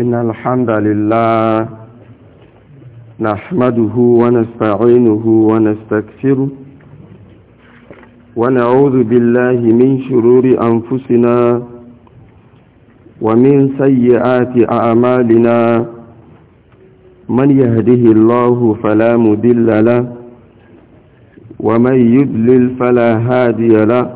إن الحمد لله نحمده ونستعينه ونستكفره ونعوذ بالله من شرور أنفسنا ومن سيئات أعمالنا من يهده الله فلا مدل له ومن يدلل فلا هادي له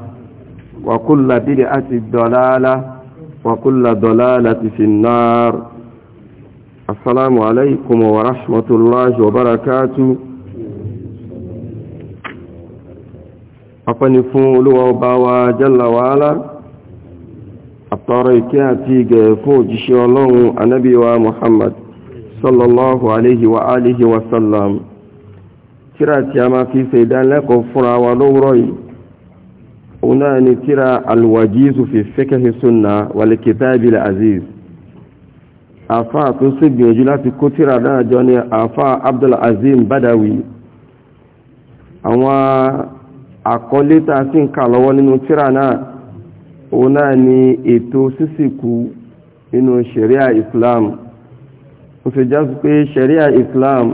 وكل بدعة ضلالة وكل ضلالة في النار السلام عليكم ورحمة الله وبركاته أفنفون لوابا وجل وعلا àtọ́rọ̀ìkẹ́ àti ìgẹ̀ fún òjíṣẹ́ ọlọ́run anábíwa muhammad sallallahu alaihi wa alihi wasallam kíra tí a máa fi ṣe ìdánilẹ́kọ̀ọ́ fúnra wa lówùrọ̀ yìí una náà ni tíra alwajizu fi fiqhi sunna wal kitabil aziz àfá tó sì gbìyànjú láti kó tíra náà jọ ni àfá abdul azim badawi àwọn àkọlé tá a sì ń kà lọ́wọ́ nínú tíra náà ni ètò sísìkú nínú ṣẹ̀ríà islam ó sì já sí pé islam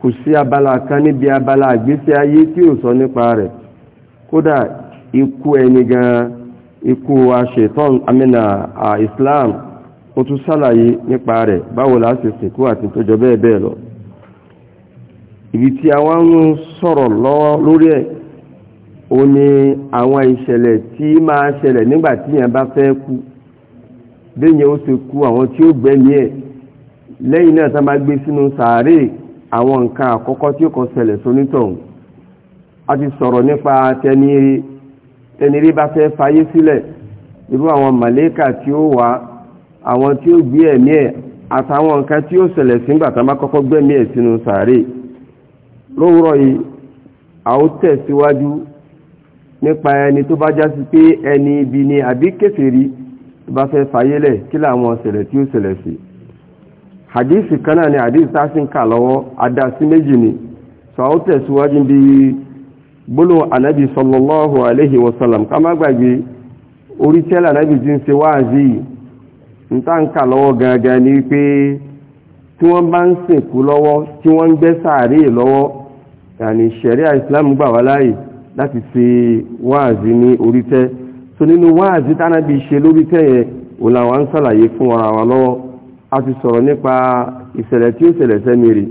kò sí abala kan níbi abala àgbésí ayé tí ò sọ nípa rẹ̀ kódà ikú ẹni gan ikú aṣetán amina a islam otu tún sálàyé nípa rẹ̀ báwo la sìnkú àti tó jọ bẹ́ẹ̀ bẹ́ẹ̀ lọ ibi tí àwọn ń sọ̀rọ̀ lórí ẹ̀ ó ní àwọn ìṣẹ̀lẹ̀ tí máa ṣẹlẹ̀ nígbà yẹn bá fẹ́ kú bẹ́ẹ̀ yẹn ti kú àwọn tí ó gbẹ̀mí ẹ̀ lẹ́yìn náà tá máa gbé sínú sàárè àwọn kọ ṣẹlẹ̀ sónítọ̀hún a ti sọ̀rọ̀ nípa tẹni rí bá fẹ́ fayé sílẹ̀ irú àwọn màlẹ́kà tí ó wà àwọn tí ó gbé ẹ̀mí ẹ̀ àtàwọn nǹkan tí ó ṣẹlẹ̀ sígbà tá a má kọ́kọ́ gbẹ̀mí ẹ̀ sínú sàárè lówùrọ̀ yìí a ó tẹ̀síwájú nípa ẹni tó bá jásí pé ẹni ibi ni àbí kèfèrí bá fẹ́ fayélẹ̀ kí làwọn ṣẹlẹ̀ tí ó ṣẹlẹ̀ sí hadith kan náà ni hadith tá a sì ń kà lọ́wọ́ adásí méjì ni sọ a ó tẹ̀síwájú bíi bolo ànábì sallallahu alaihi wasallam kama má gbàgbé orí tẹ́lẹ̀ ànábì ti ń wáàzí lọ́wọ́ gangan ni pé tí wọ́n bá ń sìnkú lọ́wọ́ tí wọ́n ń gbẹ́ sàárè lọ́wọ́ yàní shari'a islam gbà wá láti wáàzí ní so nínú wáàzí ṣe lórí tẹ́ yẹn òun sàlàyé fún a ti sọ̀rọ̀ nípa ìṣẹ̀lẹ̀ tí ó ṣẹlẹ̀ sẹ́mi rè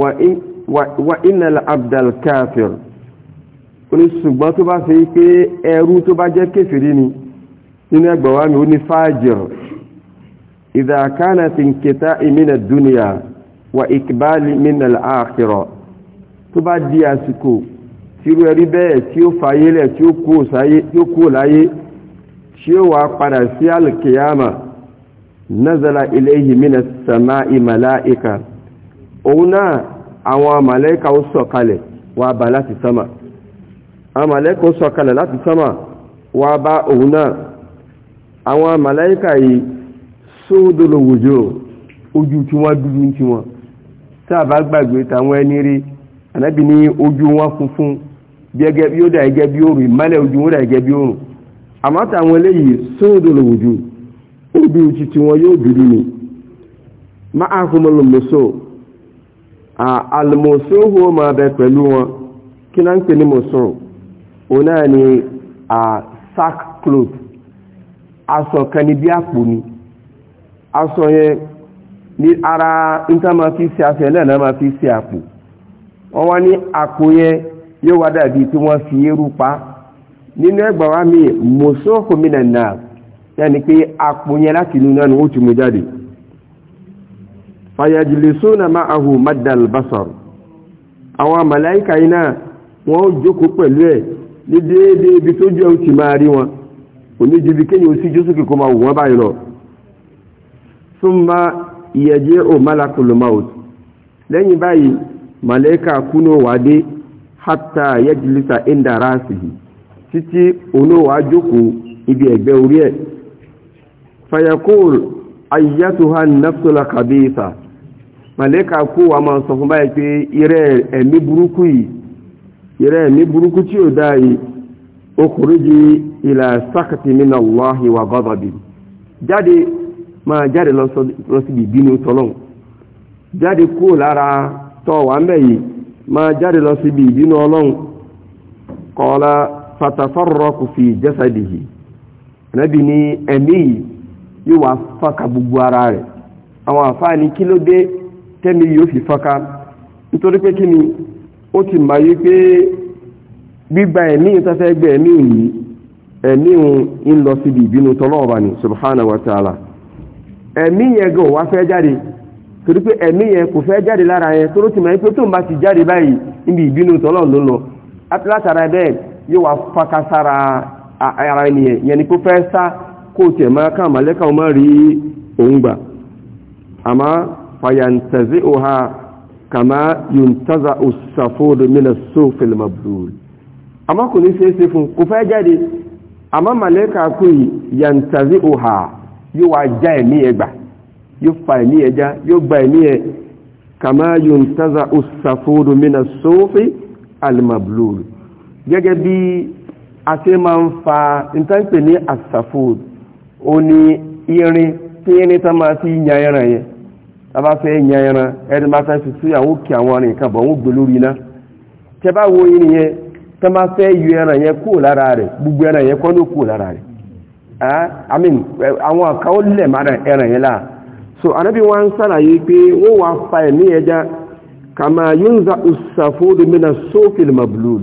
wa ní wa inal abdal kafir ó ní ṣùgbọ́n tó bá ṣe pé ẹrú tó bá jẹ́ kèfèrí ni nínú ẹgbẹ̀ wa mi ó ní fájìr idha kanat inqita'i mina dunya wa ikbali mina al-akhirah tó bá di àsìkò tírú ẹrí bẹ́ẹ̀ tí ó fàyélẹ̀ tí ó kú láyé tí ó wà padà sí alkiyama nazala ilayhi mina sama'i mala'ika òun náà àwọn màlẹ́kà ó sọ̀kalẹ̀ wà bá láti sánmà àwọn màlẹ́kà ó sọ̀kalẹ̀ láti sánmà wà bá òun náà àwọn màlẹ́kà yìí sódòlò wòjò ojú tí wọ́n dúdú tí wọ́n sáàbá gbàgbé tàwọn ẹni rí ànábì ní ojú wọn funfun bí ó dà gẹ́gẹ́ bí òrùn ìmálẹ̀ ojú wọn dà gẹ́gẹ́ bí òrùn àmọ́ eléyìí sódòlò wòjò ojú tí wọ́n yóò dúdú ni máa fún mọ́lùmọ́sọ́ àlùmọ̀sóhù máa bẹ pẹ̀lú wọn kí náà ń pè ní mọ̀sóhù òun náà ni sack cloth aṣọ kan ní bí àpò ni aṣọ yẹn ní ara níta máa fi ṣe aṣọ ẹlẹ́ẹ̀ náà máa fi ṣe àpò wọ́n wá ní àpò yẹn yóò wá dàbí tí wọ́n fi eérú pa nínú ẹgbà wá mi mọ̀sóhù mi nà náà yẹn ni pé àpò yẹn láti inú náà ni ó ti mú jáde fayajilisuna ma'ahu maddal basar àwọn màláíkà iná wọ́n ó jókòó pẹ̀lú ẹ̀ ní déédé ibi tó jẹ́ òtì máa rí wọn kò ní ju bí kéyìn ó sí jósókè kó máa wọ́n báyìí lọ summa ìyẹ̀jẹ́ ò malakul lẹ́yìn báyìí màláíkà kúnú wàdé hatta yajlisa inda rasihi títí òun wàá jókòó ibi ẹ̀gbẹ́ orí ẹ̀ fayakul ayyatuha nafsul kabisa. màlẹ́kà kú wa máa sọ fún báyìí pé irẹ́ ẹ̀mí burúkú yìí irẹ́ ẹ̀mí burúkú tí ò yìí ó kúrú sákàtì Allahi wa ghadabi jáde máa jáde lọ síbi ìbínú tọ́lọ́n jáde kú lára tọ́ wa ń bẹ̀ yìí máa jáde lọ síbi ìbínú ọlọ́run kọ́lá fatafarraku fi jasadihi ẹ̀nẹ́bì ní ẹ̀mí yìí yóò wá fàkà gbogbo ara rẹ̀ àwọn àfáà ní kí tẹ́ni yóò fi fọ́nká nítorí pé kí ni ó ti mà yí pé gbígba ẹ̀mí ìtafẹ́ gbẹ ẹ̀mí yìí ẹ̀mí ń lọ síbi ìbínú tọ́lọ́ọ̀bà ni subhanahu wa ta'ala ẹ̀mí yẹn gan wá fẹ́ jáde torí pé ẹ̀mí yẹn kò fẹ́ jáde lára yẹn tó ló ti mà yí pé tó ń bá ti jáde báyìí níbi ìbínú tọ́lọ́ọ̀ ló ni kó fẹ́ sá kó tiẹ̀ máa ká fayantazi'uha kama yuntaza usafodo mina sofil mabdul àmọ́ kò ní ṣeéṣe fún kò fẹ́ jáde ama màlẹ́kà kú yìí yantazi'uha yóò wá já ẹ̀mí ẹ̀ gbà yóò fa ẹ̀mí ẹ̀ já gba ẹ̀mí ẹ̀ kama yuntaza usafodo mina sofil almabdul gẹ́gẹ́ bí a ṣe máa ń fa ìtànpẹ̀ ní asafodo ó ní irin tí irin tán máa fi yan ẹran bá fẹ́ yan ẹran ẹni máa fẹ́ fi súyà wọn àwọn arìnrìn kan bọ̀ wọn gbé lórí iná tẹ bá wo irin yẹn tẹ máa fẹ́ yọ ẹran yẹn kúrò lára rẹ̀ gbogbo ẹran yẹn kúrò lára rẹ̀ àwọn àkàwọ́ lẹ̀ máa ẹran yẹn so anabi wọn sàlàyé pé wọ́n wá fa ẹ̀mí ẹja kàmá yunza ìsàfóòdù mìíràn sófin mablul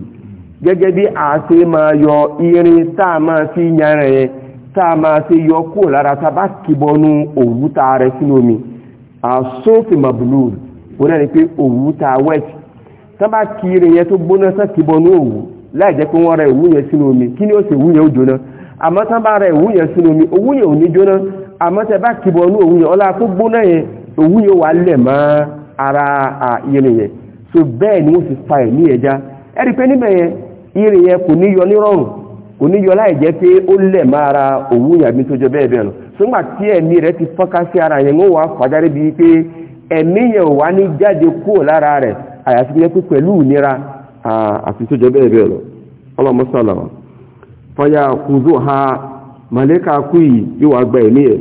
gẹ́gẹ́ bí a máa yọ irin tá a máa fi tá a máa yọ kúrò lára àsóòfì ma wọn náà ni pé òwú ta wẹ́ẹ̀tì tán kiri yẹn tó gbóná sán ti bọnú òwú láì jẹ́ pé wọ́n rẹ si yẹn sínú omi kí ni ó sì òwú yẹn ó jóná àmọ́ tán rẹ òwú yẹn sínú omi òwú yẹn ò ní jóná yẹn ọlá tó gbóná yẹn ara irin yẹn so ni fa ẹja pé yẹn yọ oníyọlá ìjẹ́ pé ó lẹ̀ máa ra òwú ìyàgbín tó jọ bẹ́ẹ̀ bẹ́ẹ̀ lọ sọ́gbà tí ẹ̀mí rẹ̀ ti sí ara yẹn wọ́n wá fàjáde bíi pé ẹ̀mí yẹn ò ní jáde kúrò lára rẹ̀ àyàfi pé pé pẹ̀lú ìnira àti tó jọ bẹ́ẹ̀ bẹ́ẹ̀ ha màlẹ́kà kú yìí yi gba ẹ̀mí ẹ̀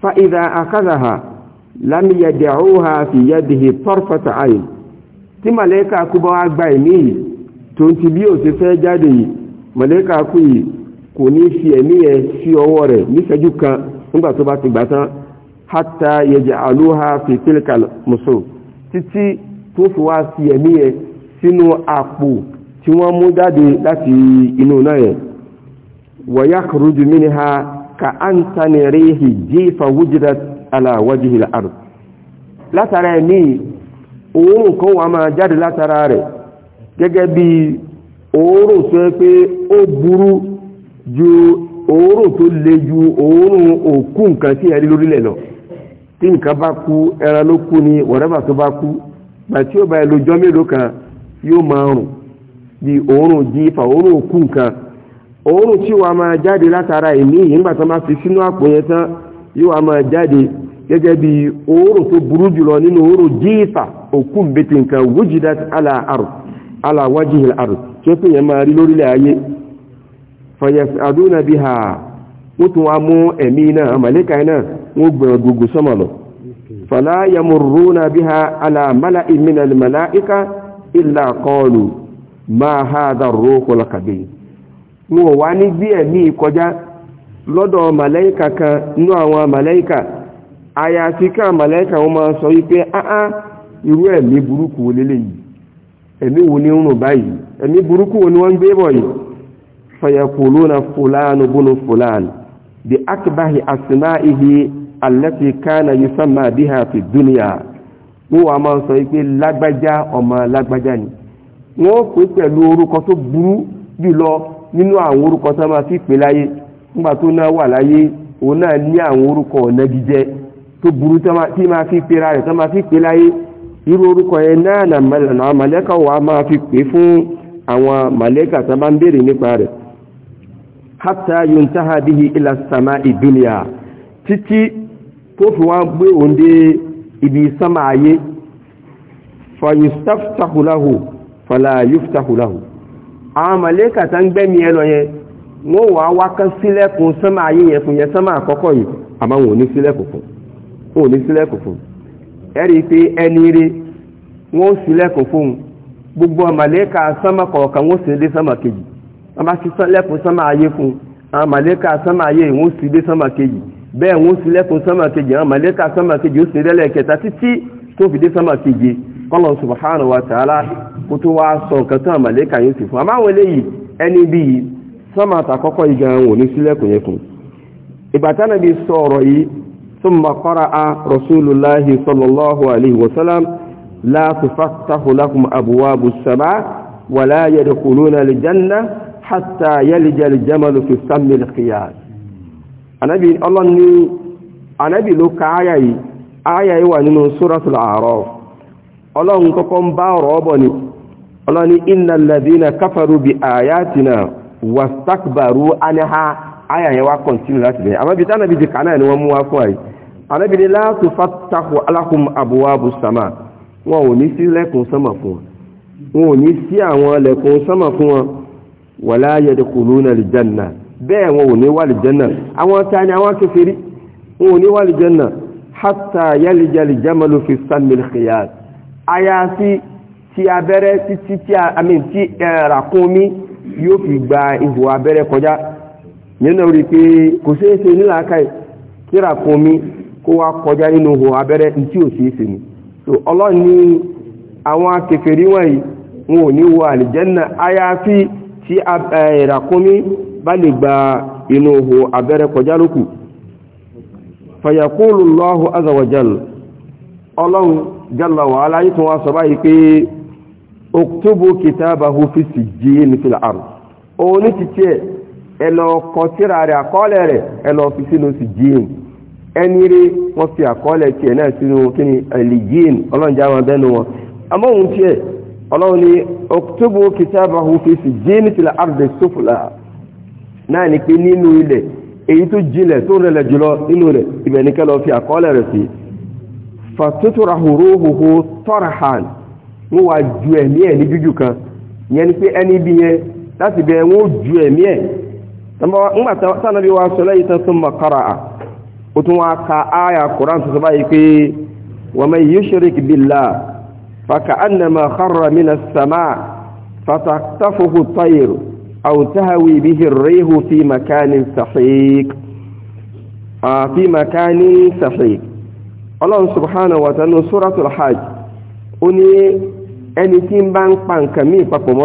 fa ìdá ha lámìyàdẹ̀ àwòhà ha mọ̀lẹ́kà kú yìí kò ní fi ẹ̀mí yẹn sí ọwọ́ rẹ̀ níṣẹ́jú kan nígbà tó bá ti gbà tán hátà yẹjẹ àlóhà fi tílíkà mùsù títí tó fi wá sí ẹ̀mí yẹn sínú àpò tí wọ́n mú jáde láti inú náà yẹn wọ̀yá kùrùjù mínìhà ka an tani ríhì jífa wújìdá aláwájìhì àrùn látara ẹ̀mí òórùn kan wà máa jáde látara rẹ̀ gẹ́gẹ́ bíi òórùn tó yẹ pé ó burú ju òórùn tó le ju òórùn òkú nǹkan tí ẹ̀rí lórílẹ̀ lọ tí nǹkan bá ku ẹran ló ku ni wọ̀rẹ́bà tó bá kú gbàtí ó bá ẹ lójọ́ mélòó kan yóò máa rùn bí òórùn jífa òórùn òkú nǹkan òórùn tí wàá máa jáde látara ìní yìí nígbà tó máa fi sínú àpò yẹn tán yóò wàá máa jáde gẹ́gẹ́ bí òórùn tó burú jùlọ nínú òkú ala ala tó pè yẹn máa rí lórílẹ̀ ayé fàyẹ̀sì àdúnà bí ha wọ́n tún wá mú ẹ̀mí náà màlẹ́kà náà wọ́n gbọ̀n gbogbo sọ́mọ̀ lọ fàlá yamurruna bí ha alàmàlà ìmìnà màláìka ìlà kọlù máa ha dàrú kọlọkàdé wọn wá ní gbé ẹ̀mí kọjá lọ́dọ̀ màlẹ́kà kan nú àwọn màlẹ́kà àyàfi ká màlẹ́kà wọn máa sọ wípé áá irú ẹ̀mí burúkú lélẹ́yìí ẹ̀mí wo ni ń rùn báyìí ẹ̀mí burúkú wo ni wọ́n ń gbé bọ̀ yìí fayakuluna fulanu bunu fulan bi akbahi asma'ihi allati kana yusama biha fi dunya wọ́n wà máa sọ pé lágbájá ọmọ lágbájá ni wọ́n pè pẹ̀lú orúkọ tó burú jùlọ nínú àwọn orúkọ tó máa fi pè láyé nígbà tó náà wà láyé òun náà ní àwọn orúkọ ọ̀nà jíjẹ tó burú tí máa fi pera rẹ̀ tó máa fi pè láyé irú orúkọ yẹn náà àwọn màlẹ́kà wà máa fi pè fún àwọn màlẹ́kà tó ń béèrè nípa rẹ̀ hátà yuntaha bihi ila sàmà ìdúnìyà títí tó fi wá gbé ibi sámà ayé fayustaftahu lahu àwọn màlẹ́kà tó ń ẹ lọ yẹn wọ́n wà wá kán sílẹ̀kùn sánmà ayé yẹn fún yẹn àkọ́kọ́ yìí wọn ò ní sílẹ̀kùn fún ẹ̀rí pé ẹni rí wọ́n sì lẹ́kùn gbogbo màlẹ́kà sánmà kọ̀ọ̀kan wọ́n sì dé sánmà kejì wọ́n bá sì lẹ́kùn sánmà ayé fún màlẹ́kà sánmà ayé wọ́n sì dé sánmà kejì bẹ́ẹ̀ wọ́n sì lẹ́kùn sánmà kejì màlẹ́kà sánmà kejì ó sì kẹta wa ta'ala kó tó wá sọ nǹkan màlẹ́kà yóò sì fún àmọ́ àwọn eléyìí ẹni ثم قرأ رسول الله صلى الله عليه وسلم لا تفتح لكم أبواب السماء ولا يدخلون الجنة حتى يلج الجمل في سم القياس anabi ọlọ́n ni anabi ló ka aya yìí aya yìí wà nínú suratul A'raf ọlọ́n kọ́kọ́ ń bá ọ̀rọ̀ ọbọ̀ ni ọlọ́n ni innal ladhina kafaru bi ayatina wastakbaru anha aya yẹn wá kọ̀ntínú láti bẹ̀rẹ̀ àmọ́ ibi tí anábì di kànáà ni wọ́n mú wá fún àyè anábì ni láàtú fatahu aláhùn abwabu sàmà wọn ò ní sí lẹ́kùn sánmà fún wọn wọn ò ní sí àwọn lẹ́kùn sánmà fún wọn wala yadkhuluna aljanna bẹ́ẹ̀ wọn ò ní wà aljanna àwọn ta ni àwọn kèfèrí wọn ò ní wà aljanna hatta yalija aljamalu fi sammil khiyat àyàfi ti abẹ́rẹ́ títí tí rakumi eh, yóò fi gba ihò abẹ́rẹ́ kọjá yẹn rí pé kò ṣeé ṣe nílàákàì kíra fún mi kó wá kọjá nínú ihò abẹ́rẹ́ tí ò ṣeé ṣe ni so ọlọ́run ní àwọn kèfèrí wọ̀nyí wọn ò ní wọ àlìjẹ́nà àyàfi tí ìràkúnmí bá lè gba inú ihò abẹ́rẹ́ kọjá lókù fàyàkúlù lọ́hù azawajal ọlọ́run jalla wa ala yìí tún wá sọ báyìí pé oktubu kitabahu fi sijjin fil ard òun ní ti tiẹ̀ ẹ lọ kọ síra si àkọọ́lẹ̀ eniri ẹ fi sínú sí jíìn ẹni rí wọ́n fi àkọọ́lẹ̀ tiẹ̀ náà sínú ni ẹ̀lì jíìn ọlọ́njà wọn bẹ́nu wọn amóhun ọlọ́run fi sí jíìn tìlà ardi sufla náà ni pé nínú ilẹ̀ èyí tó jinlẹ̀ tó rẹlẹ̀ jùlọ nínú fi àkọọ́lẹ̀ rẹ̀ sí fàtútùrà hòróhòhò tọ́rahàn wọ́n wá ju ẹ̀mí nígbà tánàbí wa sọ lẹ́yìn tán súnmọ̀ kára à ó tún wá ka áyà koran tó sọ́bá yìí pé wa man yushrik billah fakaannama kharra minas samaa fataqtafuhu at-tayr aw tahwi bihi ar-rih fi makanin sahiq fi makanin sahiq ọlọ́run subhanahu wa ta'ala suratul hajj ó ní ẹni tí ń bá ń pa nǹkan mí ìpapọ̀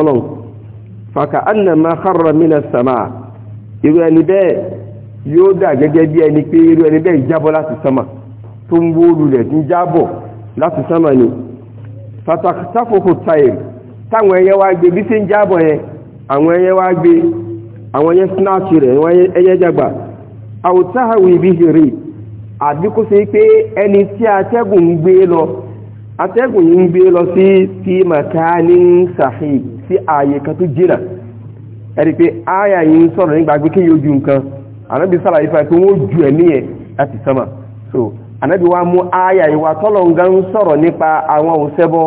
samaa irú ẹni bẹ́ẹ̀ yóò dà gẹ́gẹ́ bí ẹni pé irú ẹni bẹ́ẹ̀ jábọ́ láti sánmà tó ń wóoru rẹ̀ tí ń jábọ̀ láti sánmà ni fàtàkùtàfòkò tàìrì táwọn ẹyẹ wá gbé bí tí ń jábọ̀ yẹn àwọn ẹyẹ wá gbé àwọn ẹyẹ snatch rẹ̀ ẹyẹ jàgbà àwòtáhàwì ibi ṣeré àbí kó ṣe pé ẹni tí atẹ́gùn ń gbé lọ atẹ́gùn yìí ń gbé lọ sí fi màkà ní sàhì sí ààyè kan tó jìnà ẹ̀rí pé ááyà yìí sọ̀rọ̀ nígbà pé kéèyàn ojú nǹkan ànábì sàlàyé fún ẹ pé wọ́n ju láti so ànábì wa mú ááyà ìwà tọ́lọ̀ ń sọ̀rọ̀ nípa àwọn òṣẹ́bọ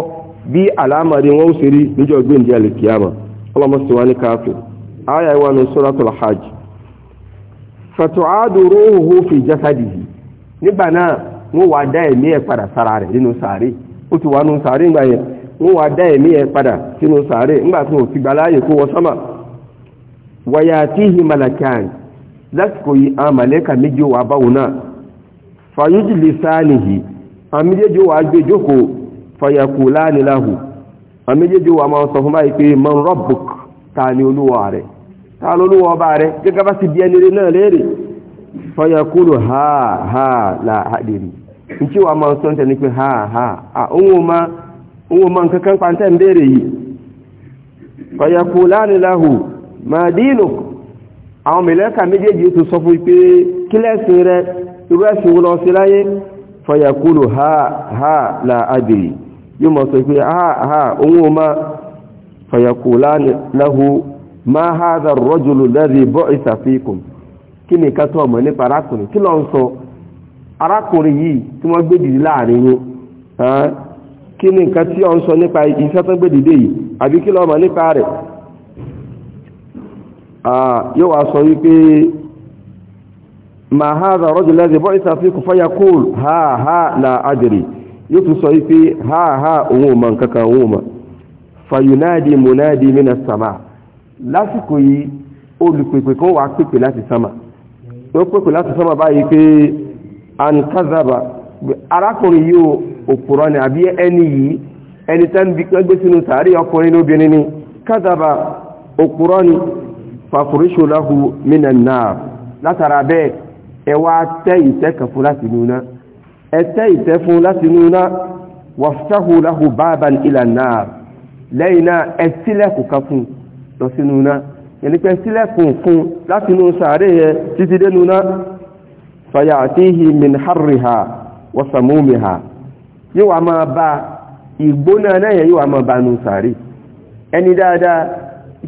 bí àlámàrí wọn ó ṣe rí níjọ́ gbéǹdé àlèkìyàmà ọlọ́mọ sì wá ní káfí hajj fi nígbà náà wọ́n wá dá ẹ̀mí ẹ̀ padà sára rẹ̀ nínú sàárè ó ti nínú sàárè ńgbà yẹn wọ́n wá dá ẹ̀mí ẹ̀ padà sínú sàárè ńgbà wàyàtíhì malakan lásìkò yìí a màlẹ́kà méjì wà báwọn náà fàyújì lè sáàlìhì àmìjẹ́jì wà gbé jókòó fàyàkù láàrínláhù àmìjẹ́jì wà máa sọ fún báyìí pé man rabbuk ta ni olúwa rẹ̀ ta lólúwa ọba rẹ̀ gẹ́gẹ́ bá sì bí ẹnire náà léèrè ha ha la hadiri nítí wà máa ha ha ohun ma nǹkan kan pàǹtẹ́ ń béèrè yìí fàyàkù láàrínláhù ma dínú àwọn mẹ̀lẹ́kà méjèèjì ó tún sọ fún pé kí lẹ́sìn fayakulu ha ha la adìrì yi mọ̀ sọ pé ha ha òun ò fayakula lahu ma hadha ar-rajulu alladhi bu'itha fikum kí ni kátó ọmọ nípa arákùnrin kí lọ ń sọ arákùnrin yìí tí wọ́n gbé dìde láàrin yín kí ni nǹkan tí ọ ń sọ nípa iṣẹ́ tó gbé dìde yóò wá sọ wípé ma haza rọ́jù lẹ́dẹ̀ bọ́ ìsàfíkù fáyà kúl ha ha na ajiri yóò tún sọ wípé ha ha òun ma nkankan òun ma fayunadi munadi mina sama lásìkò yìí olùpèpè kan wà pèpè láti sama ó pèpè láti sama báyìí pé kazaba arákùnrin yìí òpùrọ́ ni àbí ẹni yìí ẹni tẹ́ ń gbé sínú ọkùnrin ni kazaba òpùrọ́ ni fàfúríṣò láhù mínà náà látara bẹ́ẹ̀ ẹ wá tẹ́ ìtẹ́ kan fún láti núná ẹ tẹ́ ìtẹ́ fún láti núná wàfúṣáhù láhù báàbà ìlà náà lẹ́yìn náà ẹ sílẹ̀kù kan fún lọ sí núná ẹnipẹ́ sílẹ̀kùn fún láti nú sàárè yẹ títí dé núná fàyàtíhì min harriha wa samumiha yóò wá máa bá ìgbóná náà yóò wá máa bá nú sàárè ẹni dáadáa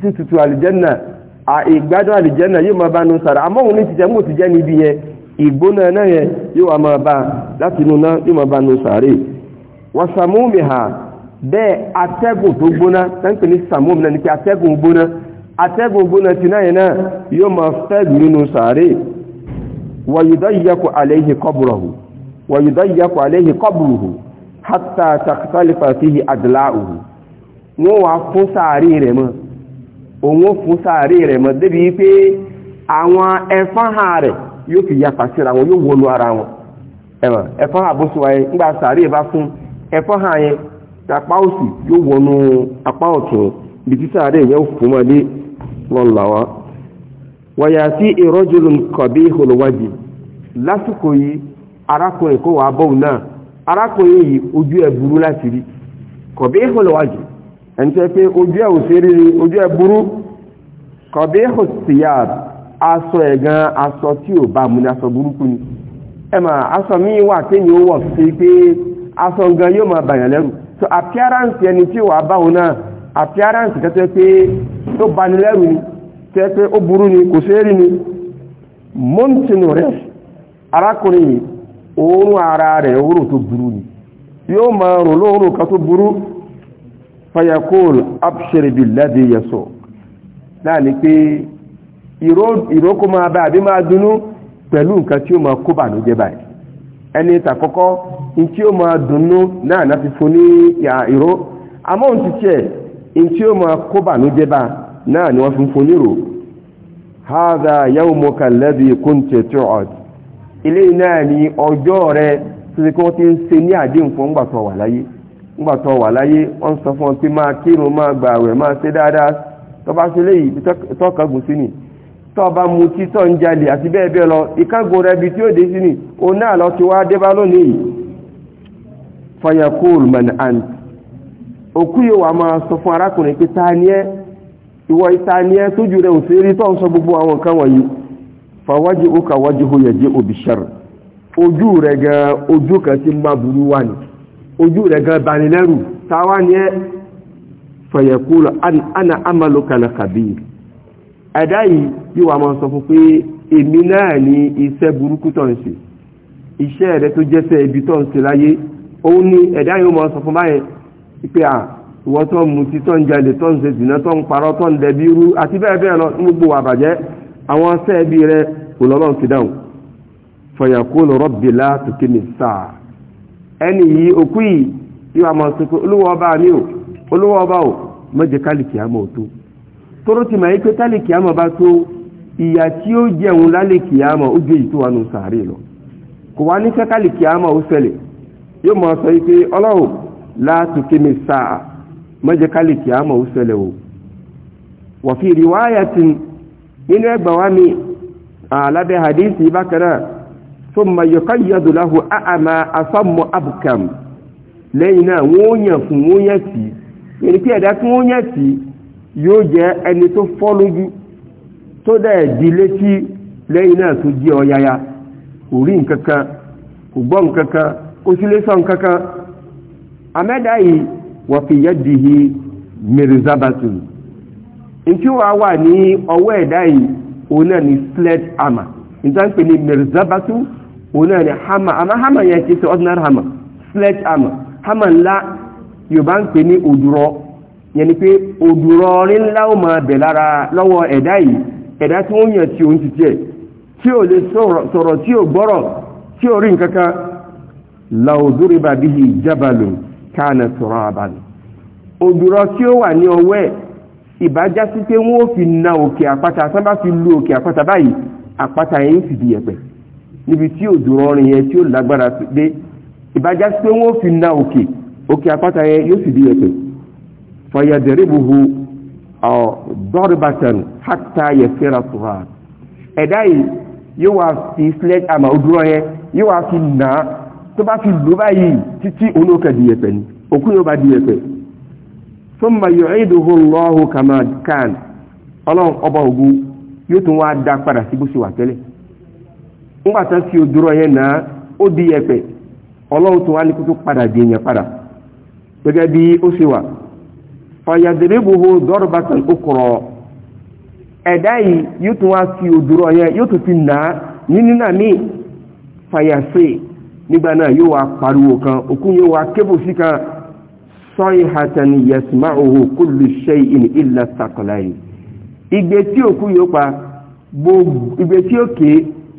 títútù àlìjẹ́nà ìgbádùn àlìjẹ́nà yóò máa bá nù sàrà amóhun ní tìjẹ́ mú tìjẹ́ níbi yẹn ìgbóná náà yẹn yóò máa bá láti inú náà yóò máa bá nù sàárè wọ́n sàmúmi hà bẹ́ẹ̀ atẹ́gùn tó gbóná náà ń pè ní sàmúmi náà ní pé atẹ́gùn gbóná atẹ́gùn gbóná ti náà yẹn náà yóò máa fẹ́ lù nínú sàárè wọ́n wá fún òun fún sáàrí rẹ̀ mọ̀ débi wípé àwọn ẹ̀fánhà rẹ̀ yóò fi yapa síra wọn yóò wọnú ara wọn ẹ̀mọ̀ ẹ̀fánhà bó sọ wáyé nígbà sáàrí bá fún ẹ̀fánhà yẹn apá òsì yóò wọnú apá ọ̀tún ibi tí sáàrí yẹn fún wọn dé lọ́lọ́wọ́ wọ̀yà sí ìrọ́jùlùm kọ̀bí ìhòlòwájì lásìkò yìí arákùnrin kó wàá bọ́ọ̀ náà arákùnrin yìí ojú ẹ̀ burú láti rí kọ̀bí ẹni pé ojú ẹ̀ ò sí rírí ojú ẹ̀ burú kọ̀bí hosiyab aṣọ ẹ̀gan aṣọ tí ò bá mú ní aṣọ burúkú ni ẹ mà aṣọ míì wà kéyìn ó wọ̀ sí pé aṣọ gan yóò máa bàyàn so appearance ẹni tí wàá báwọn náà appearance kẹtẹ pé tó bani lẹ́rù ni tẹ́ pé ó burú ni kò sí rí ni mọ́ntínú rẹ̀ arákùnrin ara rẹ̀ tó burú ni fayakul abṣiri billadi yẹsọ náà ni pé ìrókò máa bá àbí máa dunú pẹ̀lú nǹkan tí ó máa kó bànújẹ́ báyìí ẹni tàkọ́kọ́ tí ó máa dunú náà náà ti fún ní ìró àmọ́ òun ti tiẹ̀ tí ó máa kó bànújẹ́ bá náà ni wọ́n fi fún nírò hadha yawmuka alladhi kunta tu'ud ilé náà ni ọjọ́ rẹ tó kí wọ́n ti ń ní àdéhùn fún wà láyé ńgbàtọ̀ wà láyé wọ́n sọ fún ọ pé máa kírun máa gbà àwẹ̀ máa ṣe dáadáa tó bá ṣe léyìí tọ́kàgùn sí ni tó bá mu tí tọ́ ń jalè àti bẹ́ẹ̀ bẹ́ẹ̀ lọ ìkágun rẹ̀ bí tí ó dé sí ni o náà lọ ti wá débá lónìí fayakul man ant òkú yóò wà máa sọ fún arákùnrin pé ta ni ẹ́ ìwọ ta ni ẹ́ tójú rẹ̀ ò sí rí tó ń sọ gbogbo àwọn nǹkan wọ̀nyí fàwájú ó kàwájú ó yẹ ojú rẹ̀ gan banilẹ́rù táwa ni ẹ fẹ̀yẹ̀kúrò ana amalokana kabir ẹ̀dá yìí yóò wá máa sọ fún pé èmi náà ni iṣẹ́ burúkú tó ń ṣe iṣẹ́ rẹ̀ tó jẹ́sẹ̀ ibi tó ń ṣe láyé òun ni ẹ̀dá yìí ó máa sọ fún báyẹn pé à ìwọ́n tó ń mutí tó ń jalè tó ń ṣe dìná tó ń parọ́ tó ń dẹbi irú àti bẹ́ẹ̀ bẹ́ẹ̀ lọ ní gbogbo àbàjẹ́ àwọn ṣẹ́ẹ̀bì rẹ̀ kò lọ́lọ́ ti dáhùn fẹ̀yẹ̀kúrò rọ́bìlá tòkínì sáà ẹni yìí òkú yìí yóò àmọ́ sọ ọba mi ò olówó ọba ò mọ̀jẹ̀ kálíkì àmọ́ tó tóró ti mọ̀ yí pé kálíkì àmọ́ bá tó ìyà tí ó jẹun lálẹ́kì àmọ́ ó ju èyí tó wà lọ kò wá ní kálíkì àmọ́ ó ṣẹlẹ̀ yóò mọ̀ sọ yí pé mi kálíkì àmọ́ ó o nínú mi hadith thumma yuqayyadu lahu a'ma asammu abkam lẹ́yìn náà wọ́n yàn fún wọ́n yàn tì yẹni pé ẹ̀dá tí wọ́n yàn tì yóò jẹ́ ẹni tó fọ́ lójú tó dẹ̀ di létí lẹ́yìn náà tó jẹ́ ọ̀yàyà kò rí nkankan kò gbọ́ nkankan kò wa fi yadihi mirzabatun ntí sled hammer nítorí pé ní òun náà hama amma hama ya yẹn kì í ṣe ordinary hammer sledge hammer hammer ńlá yorùbá ni ni pé òdùrọ rí ńlá ó máa bẹ̀ lára lọ́wọ́ ẹ̀dá ti ẹ̀dá tí wọ́n yàn tí ti tiẹ̀ tí ò lè sọ̀rọ̀ bihi jabalun kana ìbájá sí pé fi na òkè àpáta sábà fi lu òkè àpáta báyìí àpáta yẹn ń fìdí níbi tí òjò rọrin yẹn tí ó lágbára dé ìbájá sí pé wọ́n fi na òkè òkè àpáta yẹn yóò sì di ẹ̀pẹ̀ fọyàdẹ̀rẹ́bùhù dọ́rìbàtàn hátà yẹ̀fẹ́ra tóra ẹ̀dá yìí yóò wá fi sledge hammer òdúrọ̀ yẹn yóò wá fi nà á tó bá fi lò báyìí títí onókè di ẹ̀pẹ̀ ni òkú yóò bá di ẹ̀pẹ̀ thumma yu'iduhu Allahu kama kan ọlọ́run ọba ògùn yóò tún wá dá padà sí wà tẹ́lẹ̀ ńgbàtà tí o dúró yẹn náà ó di ẹ̀pẹ̀ ọlọ́run tó wá ní kótó padà di èèyàn padà gẹ́gẹ́ bí ó ṣe wà okoro dọ́rọ̀bàtàn ó kọ̀rọ̀ ẹ̀dá yìí yóò tún wá tí o dúró yẹn yóò tún nà á fàyàṣe nígbà náà yóò wá pariwo kan òkú yóò wá kébù sí kan sayhatan yasma'uhu kullu shay'in illa thaqalayn ìgbé tí òkú yóò pa gbogbo ìgbé tí ó kéé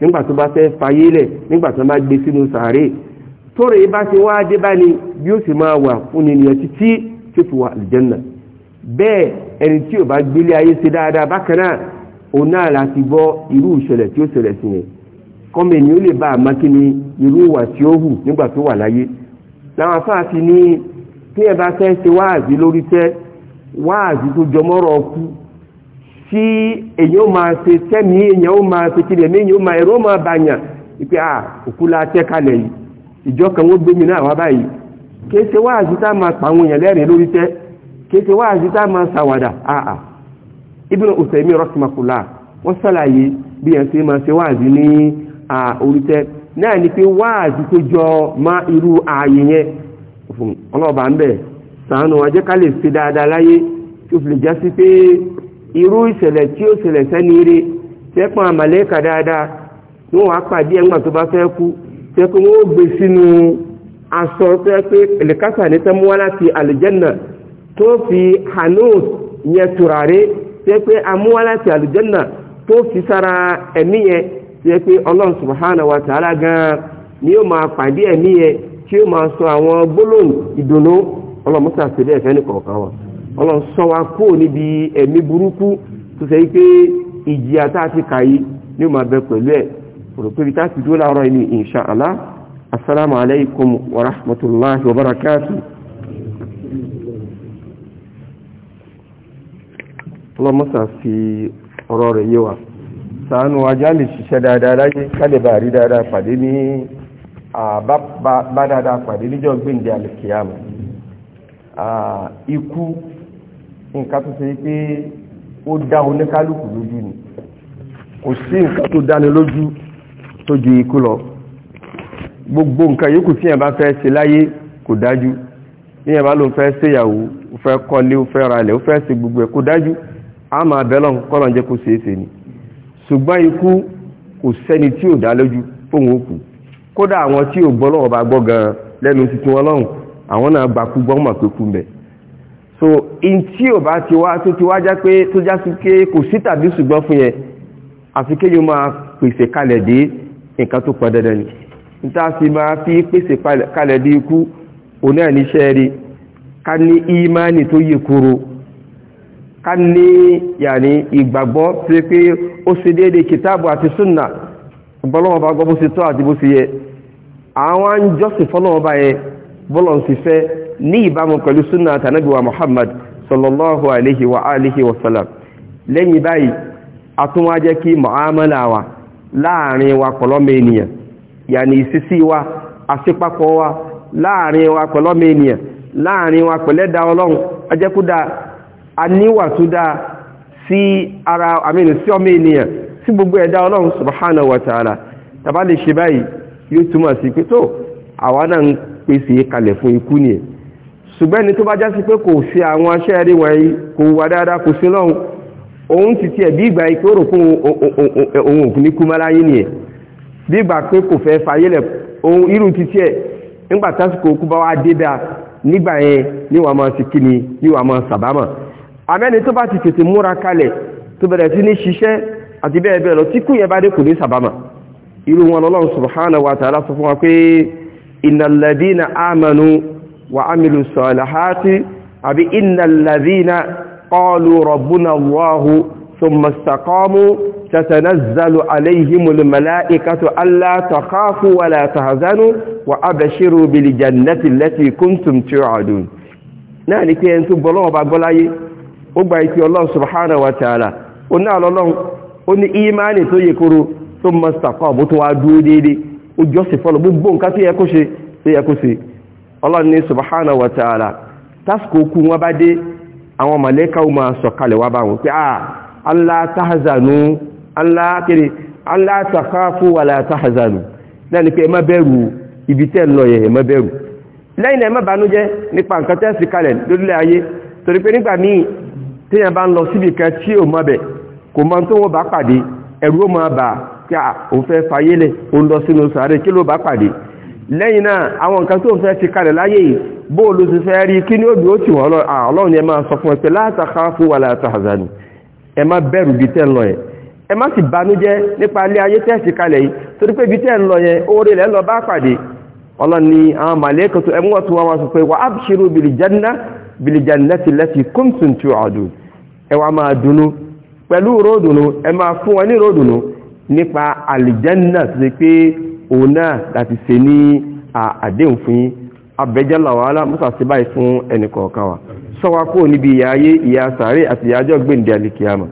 nígbà tó bá fẹ́ fayé lẹ̀ nígbà tó bá gbé sínú sàárè tóòrè bá ti wá dé bá ní bí ó sì máa wà fún ènìyàn títí tí fi wà àlùjẹ́nà bẹ́ẹ̀ ẹni tí ò bá gbélé ayé ṣe dáadáa bákan náà òun náà láti bọ́ irú ìṣẹ̀lẹ̀ tí ó ṣẹlẹ̀ sí yẹn kọ́mọ ènìyàn lè bá àmọ́ kí ni irú ìwà tí ó hù nígbà tó wà láyé làwọn afáàfin ní tí ẹ bá fẹ́ ṣe wáàzí lórí tẹ́ wáàzí tó jọmọ́rọ̀ ọkú tí èyàn máa ṣe tẹ́mi èyàn ó máa ṣe kílẹ̀ mí ó máa ẹ̀rọ máa bàyà wípé à òkú la yìí ìjọ wọ́n gbé mi náà wá báyìí kìí ṣe wá àṣìṣà máa pàwọn èèyàn lẹ́rìn lórí tẹ́ kìí ṣe wá àṣìṣà máa ṣàwàdà àà Ibn Usaymi rahimahullah wọ́n ṣàlàyé bí yẹn ṣe máa ṣe wáàzí ní orí tẹ́ náà ni pé wáàzí tó jọ má irú ààyè yẹn fún ọlọ́ọ̀bà ń bẹ̀ sàánù ajẹ́kálẹ̀ ṣe irú ìṣẹ̀lẹ̀ tí ó ṣẹlẹ̀ sẹ́ni eré tẹ́pọ̀n àmàlẹ́kà dáadáa wọ́n wá pàdé ẹ̀gbọ́n tó bá fẹ́ kú tẹ́pọ̀n wọ́n gbé sínú aṣọ tó yẹ pé ẹ̀lẹ́kàtà ní tẹ́mú wá láti àlùjẹ́nà tó fi hanus yẹn tùràrí tó yẹ pé amú wá láti àlùjẹ́nà tó fi sára ẹ̀mí yẹn tó ọlọ́run subahana wa ta'ala gan ni yóò máa pàdé ẹ̀mí yẹn tí yóò máa sọ àwọn gbólóhùn ìdùnnú ọlọ́mọ́sàsílẹ̀ ẹ̀fẹ́ nìkọ̀ọ̀kan wa ọlọ́run sọ wa kúrò níbi ẹ̀mí burúkú tó ṣe pé ìjìyà tá a ti kà yìí ni ó máa bẹ pẹ̀lú ẹ̀ òròpébi tá a ti dúró láàárọ̀ yìí ní insha Allah assalamu alaikum wa rahmatullahi wa barakatuh ọlọ́mọ́sà fi ọ̀rọ̀ rẹ̀ yé wa sàánú ajá lè ṣiṣẹ́ dáadáa láyé kálẹ̀ bá rí dáadáa pàdé ní àbá dáadáa pàdé níjọ́ gbéǹde alìkìyàmù ikú nǹkan tó ṣe pé ó dá oníkálukú lójú ni kò sí nǹkan tó dáni lójú tó ju ikú lọ gbogbo nǹkan yòókù tí yẹn bá fẹ́ ṣe láyé kò dájú bí yẹn bá ló ń fẹ́ ṣèyàwó ó fẹ́ kọ́lé ó fẹ́ ralẹ̀ ó fẹ́ ṣe gbogbo ẹ̀ kò dájú a máa bẹ́lọ̀ kọ́lọ̀ jẹ́ kó ṣe é ṣe ni ṣùgbọ́n ikú kò sẹ́ni tí ò dá lójú fóun ó kú kódà àwọn tí ò gbọ́ lọ́wọ́ bá gbọ́ gan lẹ́nu tuntun ọlọ́run àwọn náà gbàkú gbọ́ mọ̀ pé kú mbẹ̀ so in tí o bá ti wá tó ti wá já pé tó já sí pé kò sí tàbí ṣùgbọ́n fún yẹn àfi máa pèsè kalẹ̀ dé nǹkan tó pọn dandan ni níta sì máa fi pèsè kalẹ̀ dé ikú òun náà rí ká ní ìmánì tó yẹ kúrò ká ní yàní ìgbàgbọ́ tó pé ó ṣe déédéé kìtáàbù àti súnà ìbọ́lọ́wọ́ bá gbọ́ bó ṣe tọ́ àti bó ṣe yẹ àwọn jọ́sìn bọ́lọ̀n ti fẹ́ ní ìbámu pẹ̀lú súnà àtànábíwá Muhammad sallallahu alaihi wa alihi wa sallam lẹ́yìn báyìí a tún wá jẹ́ kí mu'amala wa láàrin wa pọ̀lọ́mọ ènìyàn yàní ìsísí wa àṣepapọ̀ wa láàrin wa pọ̀lọ́mọ ènìyàn láàrin wa pẹ̀lẹ́dà ọlọ́run ajẹ́kúdà aníwàtúdà sí ara àmìnì sí ọmọ ènìyàn sí gbogbo pèsè kalẹ̀ fún ikú ni ẹ̀ ṣùgbọ́n ẹni tó bá jásí pé kò ṣe àwọn aṣẹ́ rí wọ̀nyí kò wà dáadáa kò sí lọ́hùn òun ti tiẹ̀ bí ìgbà ikú rò fún òun òkú ní kúmáláyé ni ẹ̀ bí ìgbà pé kò fẹ́ fayélẹ̀ òun irú ti tiẹ̀ nígbà tásìkò òkú bá wá dé dáa nígbà yẹn ní máa ti kíni ní wàá máa sàbámà àmẹ́ni tó bá ti tètè múra kalẹ̀ tó bẹ̀rẹ̀ sí ní ṣiṣẹ́ àti bẹ́ẹ̀ bẹ́ẹ̀ lọ tí kú yẹn bá dé kò ní sàbámà irú wọn lọ́lọ́run subhanahu wa ta'ala sọ fún wa pé ìnàlẹ̀dínà àmànú wà ámìlù sọ̀lẹ̀hátí àbí ìnàlẹ̀dínà قالوا ربنا الله ثم استقاموا تتنزل عليهم الملائكة ألا تخافوا ولا تهزنوا وأبشروا بالجنة التي كنتم توعدون náà ni pé ẹni tó gbọ́ lọ́wọ́ bá gbọ́ láyé ó gba ìpé ọlọ́run subhanahu wa ta'ala ó náà lọ́lọ́run ó ní ìmáàni tó yẹ kúrò tó mọ́ bó tó wá dúó déédéé ó jọ́sìn fọ́lọ̀ gbogbo nǹkan tó yẹ kó ṣe tó wa ta'ala tásìkò kú wọn bá dé àwọn màlẹ́kà ó máa sọ̀kalẹ̀ wá bá wọn pé ah Allah kiri Allah takhafu wa la tahzanu náà pé ibi tẹ́ lọ yẹ ẹ má lẹ́yìn ẹ má banújẹ́ nípa nǹkan kalẹ̀ lórílẹ̀ ayé torí pé nígbà míì bá ń lọ síbi kan tí ò kí à òun fẹ́ fayélẹ̀ òun lọ sínú sàárè kí ló bá pàdé lẹ́yìn náà àwọn nǹkan tó ń fẹ́ ti kalẹ̀ láyé yìí bóòlù ti fẹ́ rí kí ní òbí ó tì wọ́n ọlọ́run yẹn máa sọ fún ẹ pé la takhafu wala tahzanu ẹ má bẹ̀rù bí tẹ́ ń lọ yẹn ẹ má sì banújẹ́ nípa ilé ayé tẹ́ẹ̀sì kalẹ̀ yìí torí pé bí tẹ́ ń lọ yẹn oore lẹ́ lọ bá pàdé ọlọ́run ni àwọn màlẹ́kà tó ẹmú ọ̀tún wọn sọ pé wa abshiru bil janna bil jannati lati kuntum tu'adun ẹ wá máa dùnnú pẹ̀lú ròdùnnú ẹ máa fún wọn ní ròdùnnú nípa àlìjẹ́nà ti ṣe pé òun náà láti ṣe ní àdéhùn fún yín abẹ́jálàwàálà mọ́sà sí báyìí fún ẹnìkọ̀ọ̀kan wa sọ́wá kó níbi ìyà ayé ìyà sàárè àti ìyàjọ́ gbèǹdé alìkìyàmà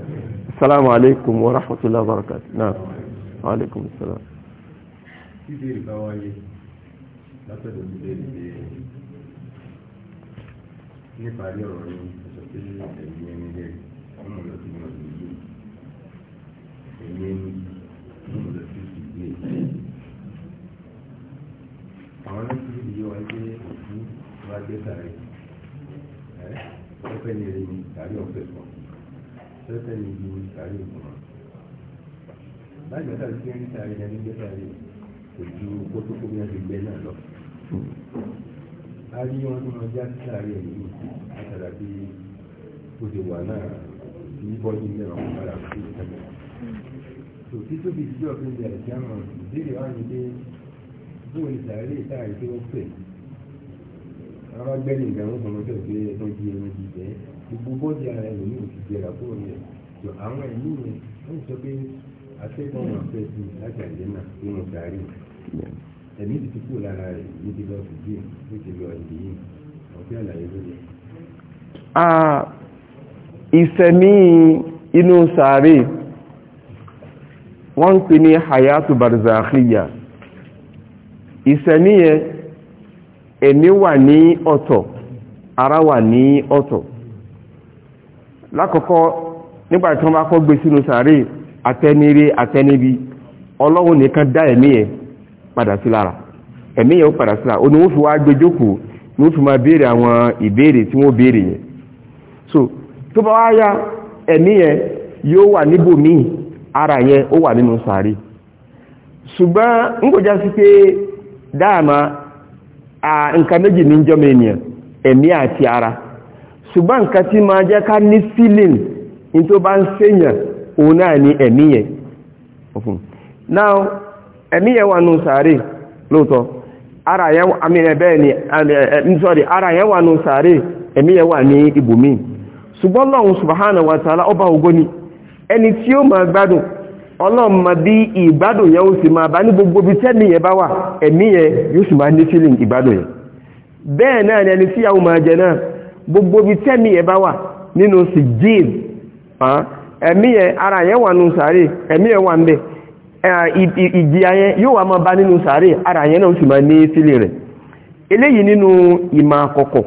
salamu alaikum wa rahmatullahi alaikum salam ni àwọn méjì yìí wọ́n gbé òkú wá gbé sàárè ẹ́ ọ̀fẹ́ ní eré ní sàárè ọ̀fẹ́ pọ̀ ṣẹ́fẹ́ ní ibi ní sàárè ọ̀pọ̀ náà láti ọ̀dà tí ń sàárè yẹn ní gbé sàárè kò ju kótópó bí wọ́n ti gbé náà lọ. a rí wọn tó máa já sí sàárè yìí látara bí ó ti wà náà yíbọ́ yìí ní ọ̀rọ̀ padà bóun ní sàárè sáàrì tí wọ́n pè àwọn agbẹ́ni ìgbà wọn fọmọ tó gbé ẹgbẹ́ di ẹni jíjẹ gbogbo bọ́ọ̀dì ara ẹ̀mí ò ti jẹrà kúrò ní ẹ̀ tó àwọn ẹ̀mí yẹn wọ́n sọ pé akẹ́kọ̀ọ́ wọn fẹ́ sí láti àjẹ́nà nínú sàárè ẹ̀mí ti ti kúrò lára rẹ̀ níbi lọ sí díẹ̀ ó ti lọ ìdí yìí ọ̀fẹ́ àlàyé ló yẹ. ìsẹ̀mí inú sàárè wọ́n ń pè ní hayatu barzakhiya ìsẹ̀mí yẹn emi wà ní ọ̀tọ̀ ara wà ní ọ̀tọ̀ lákọ̀ọ́kọ́ nígbàtí wọ́n bá kọ́ gbé sínú sàárè àtẹnire àtẹnibi ọlọ́run nìkan dá ẹ̀mí yẹn padà sí lára ẹ̀mí yẹn ó padà sí lára gbé jókòó ní ó fi béèrè àwọn ìbéèrè tí béèrè yẹn so tó bá wá yá ẹ̀mí yẹn yóò wà níbòmíì ara yẹn ó wà nínú sàárè ṣùgbọ́n ń kò já sí pé dama a nǹkan méjì ní jọmọ ènìyàn ara ṣùgbọ́n nka ti máa jẹ́ ká ní feeling in tó bá ń sèyàn òun náà ara yẹn àmìnà bẹ́ẹ̀ ni I'm sorry ara yẹn wà nù sàárè ẹ̀mí wà ní ṣùgbọ́n ọba ogoni ẹni tí ó máa ọlọ́mọ bí ìgbádùn yẹn ó sì máa bá ní gbogbo bí tẹ́lì yẹn bá wà ẹ̀mí yẹn yóò sì máa ní feeling ìgbádùn yẹn bẹ́ẹ̀ náà ni ẹni síyàwó máa gbogbo bí tẹ́lì yẹn bawa nínú sì jíìn ẹ̀mí yẹn ara yẹn wà nínú sàárè ẹ̀mí yẹn wà ń ìjìyà yẹn yóò wà nínú sàárè ara yẹn náà sì máa ní nínú ìmọ̀ àkọ́kọ́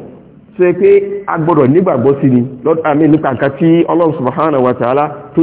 pé a gbọ́dọ̀ nígbàgbọ́ sí ni lọ́dọ̀ àmì nípa nǹkan tí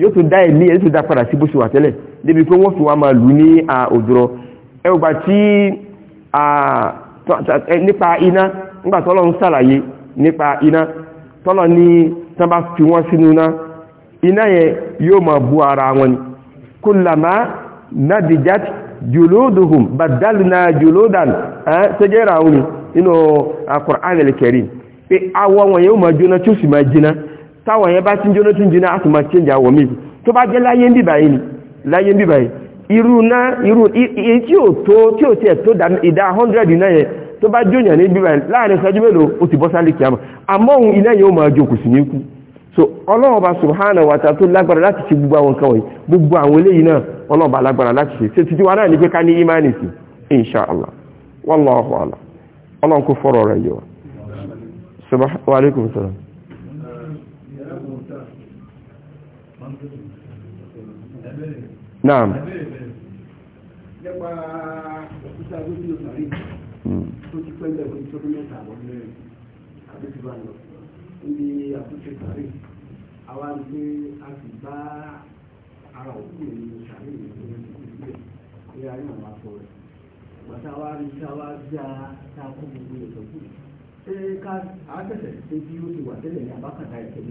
yóò tún da ẹ̀mí ẹ̀ tún da padà sí bó ṣe débi pé wọ́n fi wá máa lù ní òdòrọ̀ ẹgbà tí nípa iná nígbà tọ́lọ́ ń sàlàyé nípa iná tọ́lọ́ ní tán bá fi wọ́n sínú iná iná yẹn yóò máa bu ara wọn ni kullama nadijat juluduhum badalna juludan sẹ́jẹ́ra orin nínú Al-Qur'an al pé awọ táwọn yẹn bá tí ń jóná tí ń jiná àti máa change àwọ̀ méjì tó bá jẹ́ láyé ń bíbà yìí láyé ń bíbà yìí irú náà irú èyí tí ò tó tí ò tí ẹ̀ tó ìdá 100 iná yẹn tó bá jóyàn ní bíbà yìí láàrin ṣẹ́jú mélòó ó ti bọ́ sálì kìámà àmọ́ òun iná yẹn ó máa jòkù sí níkú so ọlọ́ọ̀bá subhanahu wa ta'ala tó lágbára láti ṣe gbogbo àwọn nǹkan wọ̀nyí gbogbo àwọn eléyìí náà ọlọ́ọ̀bá lágbára láti ṣe ṣe títí wa náà ní pé ká ní imani sí inṣàlá wallahu a'lam ọlọ́run kò fọ́rọ̀ rẹ̀ yọ wa alaikum salaam naam nípa hmm. òkúta gómìnà sàrí tó ti pẹ́ lẹ́wọ̀n ní tọ́dún mẹ́ta àwọn mẹ́rin àbẹ́sìbá lọ níbi àtúnṣe sàrí àwa ń gbé a sì òkú wa rí sí àwa bí a ta kó gbogbo ìlú kù ṣé ká àtẹ̀tẹ̀ ṣe bí ó ti wà tẹ́lẹ̀ ní àbákàtà tún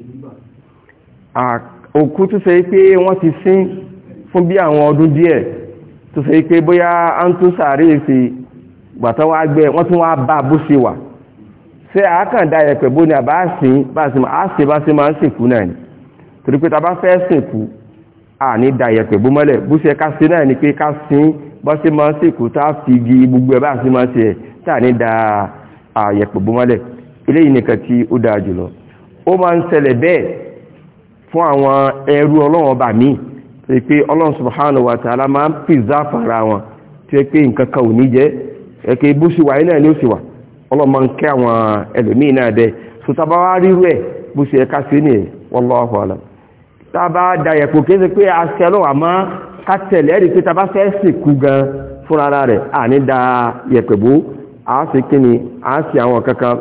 ṣe pé wọ́n ti sin fún bí àwọn ọdún díẹ̀ tó ṣe pé bóyá a ń tún sàárè sí gbàtọ́ wá gbẹ wọ́n tún wá bá bó ṣe wà ṣé àákàndá ẹ̀pẹ̀ bó ni àbá sìn bá sì máa ṣe bá ṣe máa ń sìnkú náà ni torí pé ta bá fẹ́ sìnkú a ní da ẹ̀pẹ̀ bó mọ́lẹ̀ bó ṣe ká sí náà ni pé ká sin bá ṣe máa ń sìnkú tá a fi igi gbogbo ẹ̀ bá ṣe máa ṣe ẹ̀ tá a ní da ẹ̀pẹ̀ bó mọ́lẹ̀ eléyìí nìkan tí ó dáa jùlọ ó máa ń ṣẹlẹ̀ bẹ́ẹ̀ fún àwọn ẹrú ọlọ́wọ́n bà míì pé ọlọ́run subhanahu wa ta'ala máa ń preserve ara wọn tí ó pé nǹkan kan ò ní jẹ́ ẹ̀kẹ́ bó ṣe wà náà ni ó sì wà ọlọ́run máa ń kẹ́ àwọn ẹlòmíì náà dẹ so tá a bá wá rírú ẹ̀ bó ṣe ẹ̀ka sí ni wallahu alam tá a bá da yẹ̀pọ̀ kí ó ṣe pé aṣẹ lọ́wọ́ àmọ́ ká tẹ̀lé ẹ̀rí pé tá a bá fẹ́ gan fúnra rẹ̀ da yẹ̀pẹ̀ bó a sì kí ni a sì àwọn kankan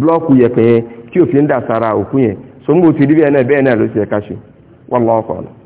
blọ́ọ̀kù yẹ̀pẹ̀ yẹn tí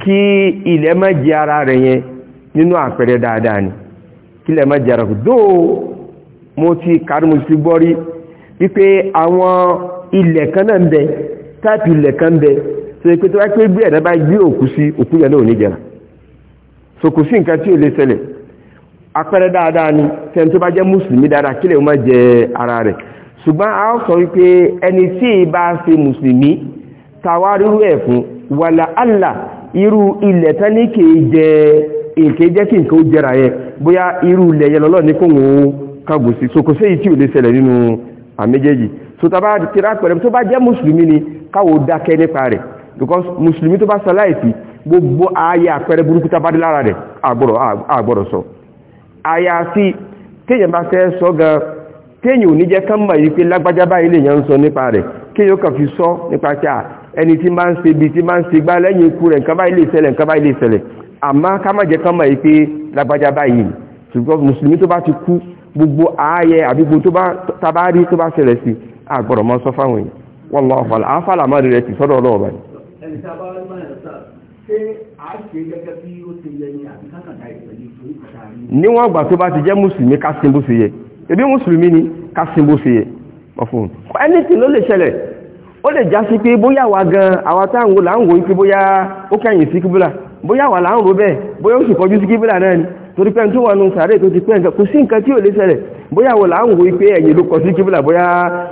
kí ilẹ̀ má jẹ ara rẹ̀ yẹn nínú àpẹẹrẹ dáadáa ni kí ilẹ̀ má jẹ ara rẹ̀ dóò mo ti kàrí mo ti gbọ́ rí wípé àwọn ilẹ̀ kan náà ń bẹ táàpì ilẹ̀ kan ń bẹ tó yẹ pé tó wá pé bí ẹ̀dá bá gbé òkú sí òkú yẹn náà ò ní jẹrà so kò sí nǹkan tí ò lè ṣẹlẹ̀ àpẹẹrẹ dáadáa ni tẹni tó bá jẹ́ mùsùlùmí dáadáa kí lè má jẹ ara rẹ̀ ṣùgbọ́n a sọ wípé ẹni tí ì bá ṣe mùsùlùmí tàwa rírú ẹ̀ fún wàlà Allah irú ilẹ̀ tán ní kèé jẹ èké jẹ́ kí nǹkan ó jẹrà yẹ bóyá irú ilẹ̀ yẹn lọ́lọ́ ní kò wọ́n kàgbò sí so kò sí èyí tí ò lè ṣẹlẹ̀ nínú àméjèèjì so tá bá tira tó bá jẹ́ mùsùlùmí ni káwo dákẹ́ nípa rẹ̀ because mùsùlùmí tó bá ṣaláìsí gbogbo ayé àpẹẹrẹ burúkú tá bá dé lára rẹ̀ àgbọ̀rọ̀ sọ àyàfi téèyàn bá fẹ́ sọ gan téèyàn ò ní jẹ́ kán mọ̀ yìí pé lágbájá báyìí lèèyàn ń sọ nípa ẹni tí máa ń ṣe bí tí máa ń ṣe gbá lẹ́yìn ikú rẹ̀ nǹkan báyìí lè ṣẹlẹ̀ nǹkan báyìí lè ṣẹlẹ̀ àmọ́ ká má jẹ́ kán mọ̀ yìí pé lágbájá báyìí ṣùgbọ́n mùsùlùmí tó bá ti kú gbogbo ààyè àbígbò tó bá tabárí tó bá ṣẹlẹ̀ sí àgbọ̀rọ̀ mọ́ sọ fáwọn èèyàn wọ́n lọ fàlà á fàlà rẹ̀ ti sọ́dọ̀ ọlọ́wọ́ ni àbí kákàndá ìpẹ̀lú ìfowópamọ́ àárín. níwọ̀n àgbà tó bá ti jẹ́ mùsùlùmí ká sin bó ṣe yẹ ebi mùsùlùmí ni ká sin bó ṣe yẹ ẹni tí ló lè ṣẹlẹ̀ ó lè já sí pé bóyá wa gan àwa tá à ń wo là ń wo ike bóyá ó kẹ́yìn sí kíbúlà bóyá wa là ń ro bẹ́ẹ̀ bóyá ó sì kọjú sí kíbúlà náà ni torí pé tó wà nù sàárè tó ti pẹ́ nǹkan kò sí nǹkan tí ò lè ṣẹlẹ̀ bóyá wo là ń wo ike ẹ̀yìn ló kọ sí kíbúlà bóyá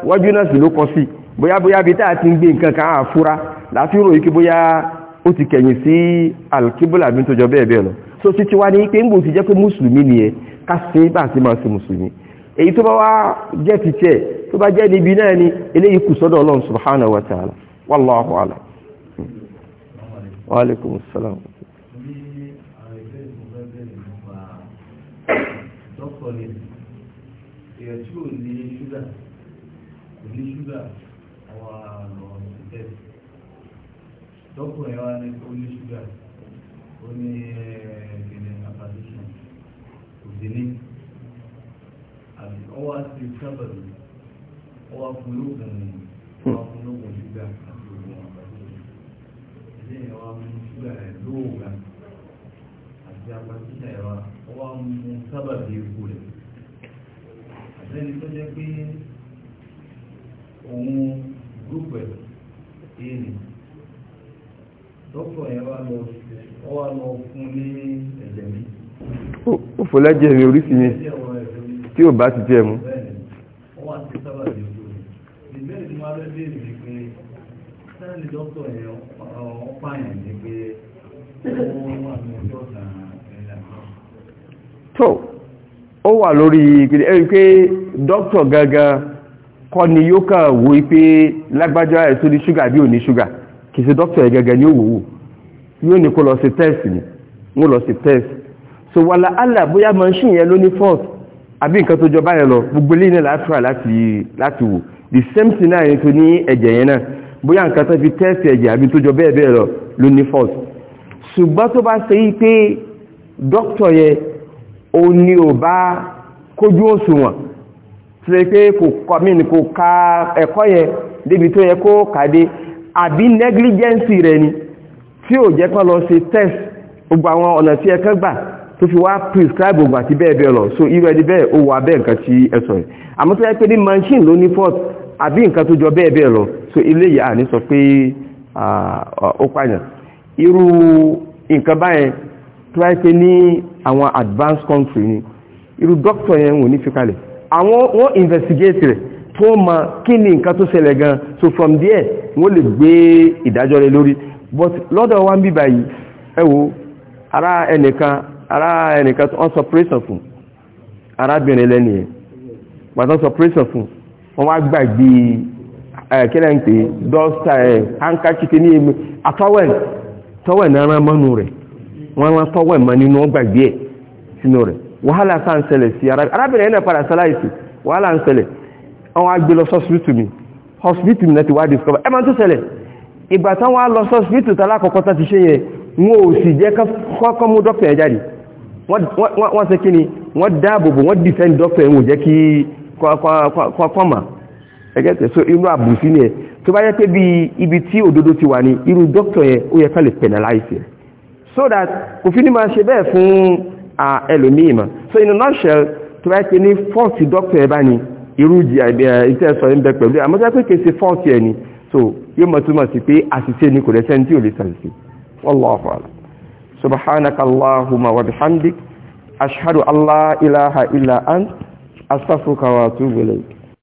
wájú náà sì ló kọ sí bóyá bóyá bí tá a ti ń gbé nǹkan kan àfúrá láti rò ike bóyá ó ti kẹ̀yìn sí alkíbúlà bí tó jọ bẹ́ẹ̀ bẹ́ẹ̀ lọ so títí wá ní pé ń bò ti jẹ́ pé mùsùlùmí nìyẹn ká sí bá a ti máa ṣe mùsùlùmí èyí tó bá wá jẹ́ ti tẹ̀ tó bá jẹ́ níbi náà ni eléyìí kù sọ́dọ̀ ọlọ́run subhanahu wa ta'ala dọ́kùnrin wa ní kó ó ní ẹ̀ẹ́dẹ̀ẹ́dẹ̀ eh, apàdéṣàn kò sí wọ́n wá sí sábàbí wọ́n wá fún lóògùn hmm. wọ́n wá fún lóògùn ṣúgà àti oògùn àbájọ ilé yẹn wá mú ṣúgà rẹ̀ lóògà àti apátíṣà yẹn wá wọ́n wá mú sábàbí epo rẹ̀ àtẹ́ni tó jẹ́ pé òun gúpẹ̀ èèyàn dọ́kọ̀ yẹn wá lọ wọ́n wá lọ fún ní ẹ̀jẹ̀ mi. ó fọlẹ́jẹ̀ mi oríṣi mi tí ò bá ti jẹ́ mu. tó ó wà lórí ìpínlẹ̀ ẹ̀rí pé dókítà gangan kọ́ ni yóò kàn wo pé lágbájá ẹ̀ tó ní ṣúgà bí ò ní ṣúgà kì í ṣe dókítà ẹ̀ gangan ni ó wò wò yóò ní kó lọ sí tẹ́ẹ̀sì ni wọ́n lọ sí tẹ́ẹ̀sì so wàlá allah bóyá mọ̀ ń ṣìyẹn ló fọ́ọ̀tù àbí nǹkan tó jọba yẹn lọ gbogbo lẹ́yìn náà látúrà láti wò the same thing náà yẹn tó ní ẹ̀jẹ̀ yẹn náà bóyá nǹkan tó fi tẹ́ẹ̀sì ẹ̀jẹ̀ àbí tó jọ bẹ́ẹ̀ bẹ́ẹ̀ lọ ló ní fault ṣùgbọ́n tó bá ṣe yí pé dókítà yẹn ó ní ò bá kójú òṣùwọ̀n tó yẹ pé kò kọ́ mí ni kò ka ẹ̀kọ́ yẹn débi tó yẹ kó kàdé àbí negligence rẹ̀ ni tí ò jẹ́ kán lọ ṣe test gbogbo àwọn ọ̀nà tí ẹ kán gbà tó fi wá prescribe ogun àti bẹ́ẹ̀ bẹ́ẹ̀ lọ so irú ẹni bẹ́ẹ̀ ó wà bẹ́ẹ̀ nǹkan tí ẹ sọ yìí àmọ́ tó yẹ pé ní machine ló ní fault àbí nǹkan tó jọ bẹ́ẹ̀ bẹ́ẹ̀ lọ so ilé yìí à ní sọ pé ó pààyàn irú nǹkan báyẹn tó yẹ pé ní àwọn advanced country ni irú doctor yẹn wò ní fi kalẹ̀ àwọn wọ́n investigate rẹ̀ tó mọ kí ni nǹkan tó ṣẹlẹ̀ gan so from there wọ́n lè gbé ìdájọ́ rẹ̀ lórí but lọ́dọ̀ wa ń bíbá yìí ẹ wo ara ẹnìkan ara ẹnìkan wọ́n sọ pírẹ́sàn fún arábìnrin lẹ́ni ẹ̀ pàtàkì sọ pírẹ́sàn fún wọ́n wá gbàgbé kílẹ̀ ń pè dọ́sta ẹ̀ hankachiki ní emi atọ́wẹ̀ tọ́wẹ̀ náà mọ́nu rẹ̀ wọ́n rán tọ́wẹ̀ mọ́ nínú wọ́n gbàgbé ẹ̀ sínú rẹ̀ wàhálà sáà ń ṣẹlẹ̀ sí arábìnrin ẹ̀nà padà sáláìsì wàhálà ń ṣẹlẹ̀ wọ́n á gbé lọ sọ́sibítù mi hospital náà ti wá discover ẹ máa tó ṣẹlẹ̀ ìgbà táwọn á lọ sọ́sibítù tálákọ̀ọ́kọ́ tá ti ṣe yẹn wọn ò sì jẹ́ kọ́kọ́ mú dókítà ẹ̀ jáde wọ́n ṣe kí ni wọ́n dáàbòbò wọ́n defend doctor ẹ̀wọ̀n jẹ́ kí kọ́mà ẹgẹ́ tẹ̀ so inú àbùsí ni ẹ̀ tó bá yẹ pé bí ibi tí òdodo ti wà ní irú doctor yẹn ó yẹ ká lè penalize ẹ̀ so that kò fi ní máa ṣe bẹ́ẹ̀ fún ẹlòmíì so in a nutshell tó bá yẹ pé ní fọ́ọ̀tì doctor ẹ̀ bá ní irú ìtẹ́ sọ ń bẹ pẹ̀lú àmọ́já pé kèsì fọ́ọ̀tì ẹ̀ ni so yóò mọ̀ túmọ̀ sí pé àṣìṣe ni kò lẹ́sẹ̀ ní tí ò lè ṣàṣìṣe wọ́n lọ́ọ̀fọ̀ àlọ́ subhanaka allahumma wa bihamdik ashhadu an la ilaha illa ant astaghfiruka wa atubu ilayk